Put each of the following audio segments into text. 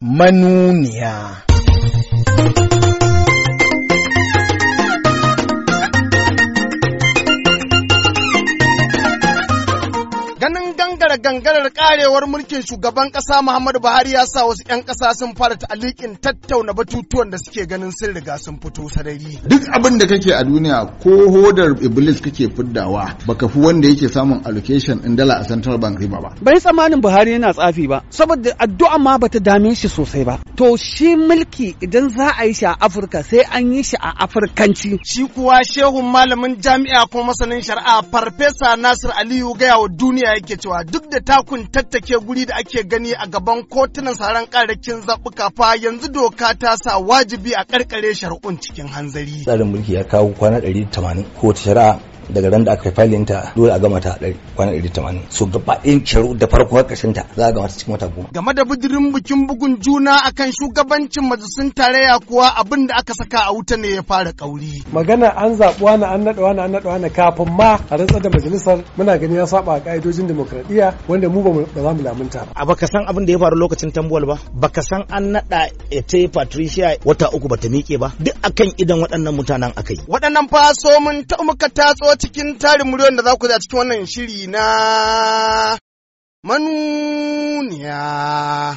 manuniya. Ganin Bayan gangara gangarar karewar mulkin shugaban kasa Muhammadu Buhari ya sa wasu 'yan ƙasa sun fara ta'alikin tattauna batutuwan da suke ganin sun riga sun fito sarari. Duk abin da kake a duniya ko hodar Iblis kake fiddawa baka fi wanda yake samun allocation in dala a Central Bank riba ba. Bai tsammanin Buhari yana tsafi ba saboda addu'a ma bata dame shi sosai ba. To shi mulki idan za a yi shi a Afirka sai an yi shi a Afirkanci. Shi kuwa shehun malamin jami'a kuma masanin shari'a Farfesa Nasir Aliyu gaya wa duniya yake cewa duk da takun tattake guri da ake gani a gaban kotunan saran karakin zaɓuka fa yanzu doka ta sa wajibi a karkare shari'un cikin hanzari. Tsarin mulki ya kawo kwana 180 kowace shari'a daga ran da aka filin ta dole a gama ta kwana tamanin so gaba in ciro da farko har ƙarshen ta za a gama ta cikin wata goma game da bidirin bikin bugun juna akan shugabancin majalisun tarayya kuwa abin da aka saka a wuta ne ya fara kauri magana an zaɓi wani an naɗa wani an naɗa wani kafin ma a rantsar da majalisar muna gani ya saba a ƙa'idojin demokradiyya wanda mu ba za mu lamunta ba baka san abin da ya faru lokacin tambuwal ba baka san an naɗa ete patricia wata uku bata miƙe ba duk akan idan waɗannan mutanen akai waɗannan faso mun ta muka tatso cikin tarin muryar da za ku a cikin wannan shiri na manuniya.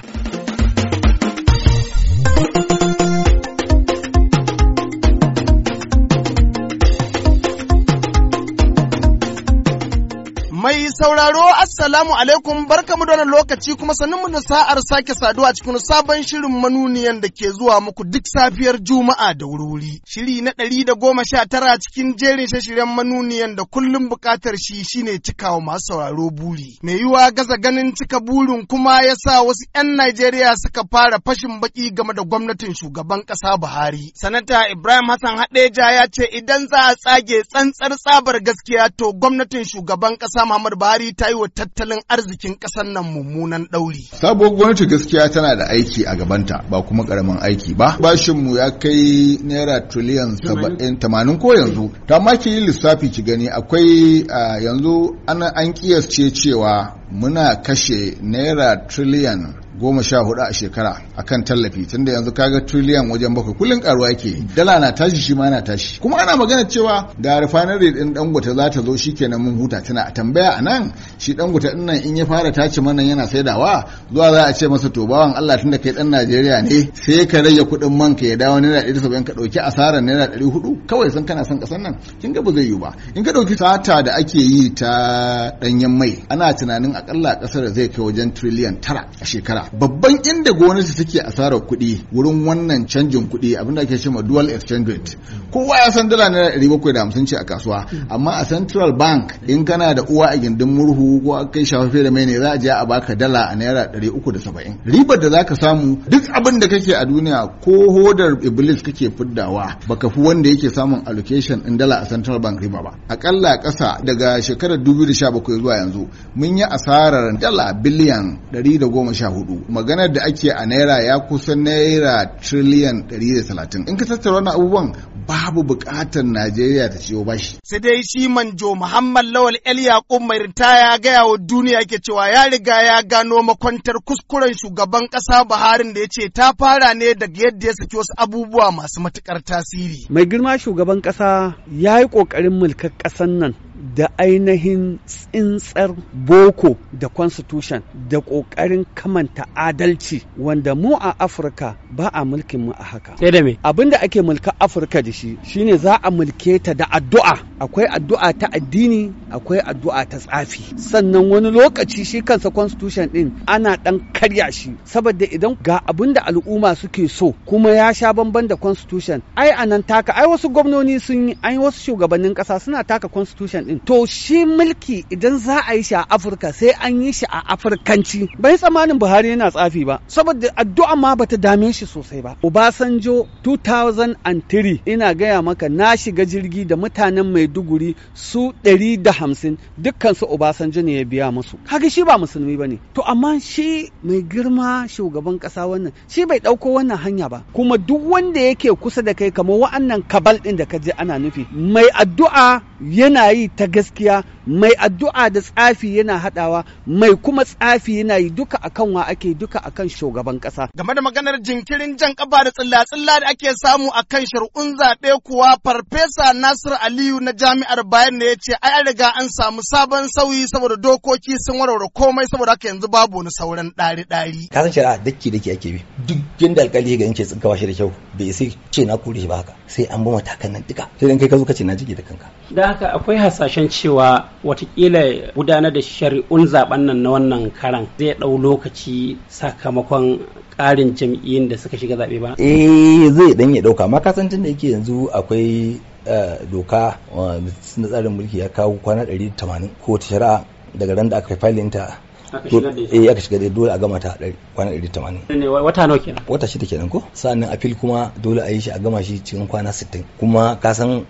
Mai sauraro Assalamu alaikum barkamu da wannan lokaci kuma sannunmu da sa'ar sake saduwa cikin sabon shirin manuniyan da ke zuwa muku duk safiyar Juma'a da wuri. Shiri na ɗari da goma sha tara cikin jerin shashiren manuniyan da kullum buƙatar shi shine cikawa masu sauraro buri. Mai yiwa gaza ganin cika burin kuma ya sa wasu 'yan Najeriya suka fara fashin baki game da gwamnatin shugaban ƙasa Buhari. Sanata Ibrahim Hassan Haɗeja ya ce idan za a tsage tsantsar tsabar gaskiya to gwamnatin shugaban ƙasa Muhammad Buhari ta yi wa tattalin arzikin ƙasar nan mummunan ɗauri. Sabuwar gwamnati gaskiya tana da aiki a gabanta ba kuma ƙaramin aiki ba. bashin mu ya kai naira tiliyan saba'in tamanin ko yanzu. Ta ma ki yi lissafi ki gani akwai yanzu an kiyasce cewa muna kashe naira tiliyan goma sha hudu a shekara akan tallafi tun da yanzu kaga triliyan wajen bakwai kullum karuwa yake dala na tashi shi ma na tashi kuma ana magana cewa ga refinery din dangote za ta zo shikenan mun huta tana a tambaya a nan shi dangote din nan in ya fara tace mana yana saidawa zuwa za a ce masa to bawan Allah tunda kai dan Najeriya ne sai ka rage kuɗin man ka ya dawo naira 170 ka dauki asarar naira 400 kawai san kana son kasar nan kin ga ba zai yi ba in ka ɗauki. sata da ake yi ta danyen mai ana tunanin akalla kasar zai kai wajen triliyan tara a shekara asara babban inda gwamnati take asarar kuɗi wurin wannan canjin kuɗi abinda ake cewa dual exchange rate kowa ya san dala naira ɗari bakwai da hamsin ce a kasuwa amma a central bank in kana da uwa a gindin murhu ko kai shafafe da mai ne za a je a baka dala a naira ɗari uku da saba'in ribar da zaka samu duk abin da kake a duniya ko hodar iblis kake fuddawa baka fi wanda yake samun allocation in dala a central bank riba ba akalla ƙasa daga shekarar 2017 zuwa yanzu mun yi asarar dala biliyan 114 hudu maganar da ake a naira ya kusa naira triliyan 130 in ka tattara wannan abubuwan babu bukatar najeriya ta ciwo bashi sai dai shi manjo muhammad lawal el yaqub mai ritaya gaya wa duniya yake cewa ya riga ya gano makwantar kuskuren shugaban kasa buharin da ya ce ta fara ne daga yadda ya saki wasu abubuwa masu matukar tasiri mai girma shugaban kasa ya yi kokarin mulkar kasan nan da ainihin tsintsar boko da constitution da ƙoƙarin kamanta adalci wanda mu a afirka ba a mulkin mu a haka abinda ake mulka afirka da shi shine za a mulke ta da addu'a akwai addu'a ta addini akwai addu'a ta tsafi sannan wani lokaci shi kansa constitution din ana dan karya shi saboda idan ga abin da al'umma suke so kuma ya sha bamban da constitution ai anan taka ai wasu gwamnoni sun yi ai wasu shugabannin kasa suna taka constitution din to shi mulki idan za a yi shi a Afirka sai an yi shi a Afirkanci bai tsamanin Buhari yana tsafi ba saboda addu'a ma bata dame shi sosai ba Obasanjo 2003 ina gaya maka na shiga jirgi da mutanen mai maiduguri su ɗari 150 dukkansu obasanjo ne ya biya musu kaga shi ba musulmi ne, to amma shi mai girma shugaban ƙasa wannan shi bai ɗauko wannan hanya ba kuma duk wanda yake kusa da kai kamar wa'annan kabal ɗin da ka je ana nufi mai addu'a yana yi ta gaskiya mai addu'a da tsafi yana haɗawa mai kuma tsafi yana yi duka akan wa ake duka akan shugaban kasa. Game da maganar jinkirin jan kaba da tsilla-tsilla da ake samu akan shari'un zaɓe kuwa farfesa Nasir Aliyu na jami'ar bayan ne ya ce ai an riga an samu sabon sauyi saboda dokoki sun warware komai saboda haka yanzu babu wani sauran ɗari-ɗari. Ka san shari'a daki daki ake bi duk yanda alkali ga in ce tsinkawa shi da kyau bai sai ce na kure shi ba haka sai an bi matakan nan duka sai dan kai ka zo ka ce na jige da kanka. Da haka akwai hasashen cewa watakila gudanar da shari'un zaben nan na wannan karan zai ɗau lokaci sakamakon ƙarin jam'iyyun da suka shiga zaɓe ba? Eh zai ɗan ya ɗauka makasancin da yake yanzu akwai eh, doka eh, na tsarin mulki ya kawo kwana 180 ko ta shari'a daga ran da aka fi filinta eh aka shiga dai dole a gama ta kwana 180 wata nawa kenan wata shida kenan ko sa'annan appeal kuma dole a yi shi a gama shi cikin kwana 60 kuma ka san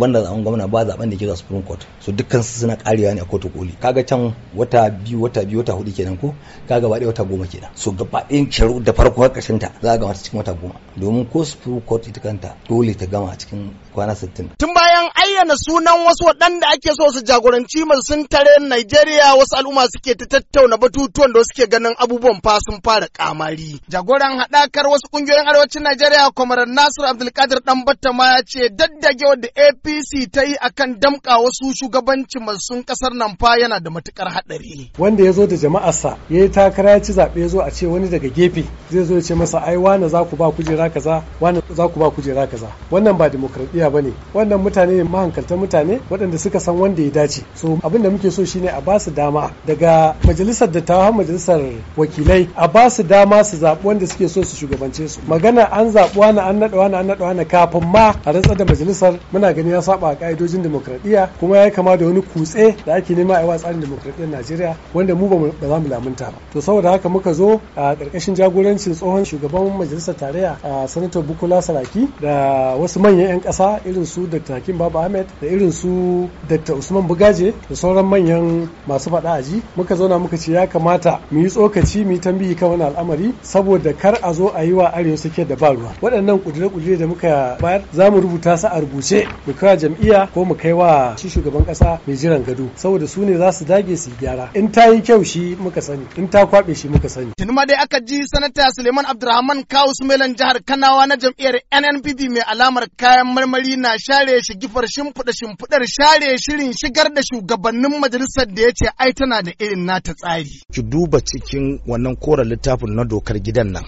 banda zaben gwamna ba zaben da ke zuwa supreme court so dukkan su suna karewa ne a kotu koli kaga can wata biyu wata biyu wata hudu kenan ko ka gaba ɗaya wata goma kenan so gaba ɗayan sharu da farko har ƙarshen ta za a gama ta cikin wata goma domin ko supreme court ita kanta dole ta gama cikin kwana 60. Tun bayan ayyana sunan wasu waɗanda ake so su jagoranci sun tare Najeriya wasu al'umma suke ta tattauna batutuwan da suke ganin abubuwan fa sun fara kamari. Jagoran haɗakar wasu ƙungiyoyin arewacin Najeriya Kwamarar Nasir Abdulkadir dan Battama ya ce daddage da APC ta yi akan damƙa wasu shugabanci masu ƙasar nan fa yana da matukar haɗari. Wanda ya zo da jama'arsa ya yi takara ya ci zaɓe ya zo a ce wani daga gefe zai zo ya ce masa ai wane za ku ba kujera kaza wane za ku ba kujera kaza wannan ba dimokuraɗiyya tafiya bane wannan mutane ne mahankaltan mutane waɗanda suka san wanda ya dace so abin da muke so shine a ba su dama daga majalisar dattawan majalisar wakilai a ba su dama su zaɓi wanda suke so su shugabance su magana an zaɓi wani an naɗa wani an naɗa wani kafin ma a rantsar da majalisar muna gani ya saba a ka'idojin demokradiyya kuma ya kama da wani kutse da ake nema a tsarin demokradiyyar Najeriya wanda mu ba za mu lamunta ba to saboda haka muka zo a ƙarƙashin jagorancin tsohon shugaban majalisar tarayya a sanatar Bukola Saraki da wasu manyan 'yan ƙasa irin su Dr. Hakim Baba Ahmed da irin su Dr. Usman Bugaje da sauran manyan masu faɗa aji muka zauna muka ce ya kamata mu yi tsokaci mu yi tambayi kan wani al'amari saboda kar a zo a yi wa arewa suke da ba ruwa waɗannan kudure-kudure da muka bayar za mu rubuta su a rubuce mu kai jam'iyya ko mu kai wa shi shugaban ƙasa mai jiran gado saboda su ne za su dage su gyara in ta yi kyau shi muka sani in ta kwaɓe shi muka sani. tuni ma dai aka ji sanata suleiman abdulrahman kawu sumelan jihar kanawa na jam'iyyar nnpp mai alamar kayan marmari kokari na share shi gifar shimfiɗa shimfiɗar share shirin shigar da shugabannin majalisar da ya ce ai tana da irin nata tsari. Ki duba cikin wannan koren littafin na dokar gidan nan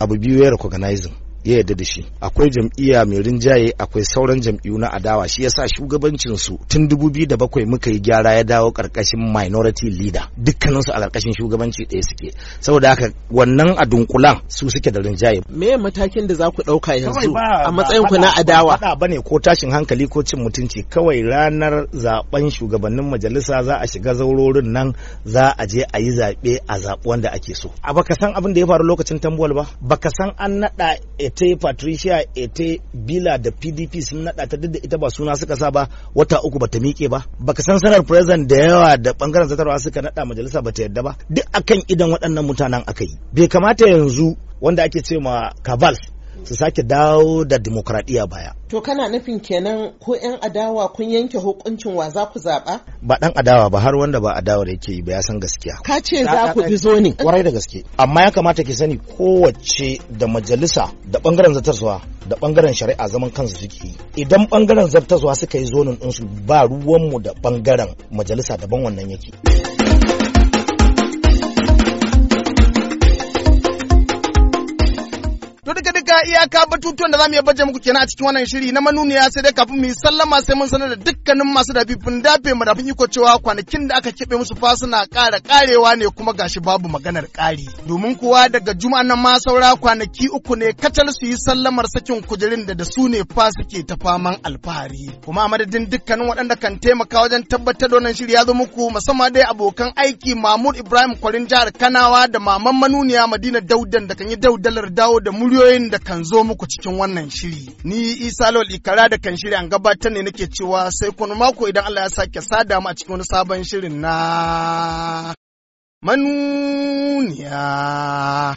abu biyu ya recognizing ya yarda da shi akwai jam'iyya mai rinjaye akwai sauran jam'iyyu na adawa shi yasa shugabancin su tun 2007 muka yi gyara ya dawo karkashin minority leader dukkanin su a karkashin shugabanci ɗaya suke saboda haka wannan a dunkulan su suke da rinjaye me matakin da za ku ɗauka yanzu a matsayin ku na adawa ba bane ko tashin hankali ko cin mutunci kawai ranar zaben shugabannin majalisa za a shiga zaurorin nan za a je a yi zaɓe a zaɓi wanda ake so a baka san abin da ya faru lokacin tambuwal ba baka san an naɗa eh, ta patricia ta bila da pdp sun nada ta duk da ita ba suna suka sa ba wata uku bata miƙe ba baka san sanar president da yawa da bangaren zatarwa suka nada majalisa bata yadda ba duk akan idan waɗannan mutanen akai bai kamata yanzu wanda ake ce ma cavals su sake dawo da demokradiyya baya. To kana nufin kenan ko 'yan adawa kun yanke hukuncin wa za ku zaɓa? Ba ɗan adawa ba har wanda ba da yake yi ba ya san gaskiya. Ka ce za ku bi zo ne. Kwarai da gaske. Amma ya kamata ki sani kowace da majalisa da ɓangaren zartaswa da ɓangaren shari'a zaman kansu suke yi. Idan ɓangaren zartaswa suka yi zonin ɗinsu ba ruwanmu da ɓangaren majalisa daban wannan yake. To duka duka iyaka batutuwan da zamu iya baje muku kenan a cikin wannan shiri na manuniya sai dai kafin mu sallama sai mun sanar da dukkanin masu dafifin dafe mu dafin iko cewa kwanakin da aka kebe musu fa suna ƙara ƙarewa ne kuma gashi babu maganar ƙari. Domin kuwa daga juma'a nan ma saura kwanaki uku ne kacal su yi sallamar sakin kujerin da da su ne fa suke ta faman alfahari. Kuma a madadin dukkanin waɗanda kan taimaka wajen tabbatar da wannan shiri ya zo muku musamman dai abokan aiki mamud Ibrahim Kwarin jihar Kanawa da Maman Manuniya Madina Daudan da kan yi daudalar dawo da muryo muryoyin da kan zo muku cikin wannan shiri. Ni Isa Lawal Ikara da kan shiri an gabatar ne nake cewa sai kun mako idan Allah ya sake sada mu a cikin wani sabon shirin na manuniya.